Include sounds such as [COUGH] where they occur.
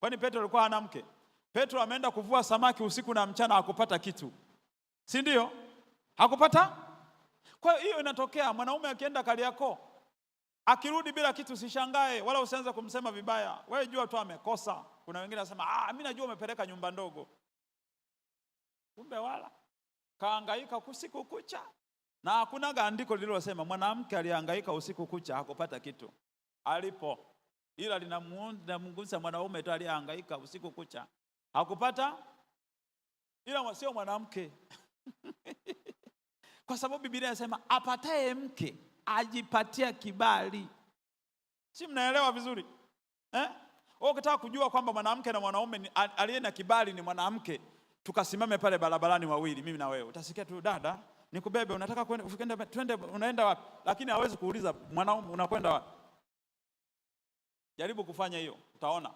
Kwani Petro alikuwa hana mke? Petro ameenda kuvua samaki usiku na mchana hakupata kitu, si ndio? Hakupata. Kwa hiyo inatokea mwanaume akienda Kariakoo akirudi bila kitu, usishangae wala usianze kumsema vibaya, wewe jua tu amekosa. Kuna wengine wanasema ah, mimi najua umepeleka nyumba ndogo, kumbe wala kaangaika usiku kucha, na hakuna andiko lililosema mwanamke aliangaika usiku kucha hakupata kitu. Alipo ila linamgusa mwanaume tu aliyehangaika usiku kucha hakupata, ila wasio mwanamke [LAUGHS] kwa sababu Biblia inasema apataye mke ajipatia kibali. Si mnaelewa vizuri eh? Ukitaka kujua kwamba mwanamke na mwanaume aliye na kibali ni mwanamke, tukasimame pale barabarani wawili, mimi na wewe, utasikia tu dada, nikubebe, unataka kwenda, twende, unaenda wapi? Lakini hawezi kuuliza mwanaume, unakwenda wapi? Jaribu kufanya hiyo, utaona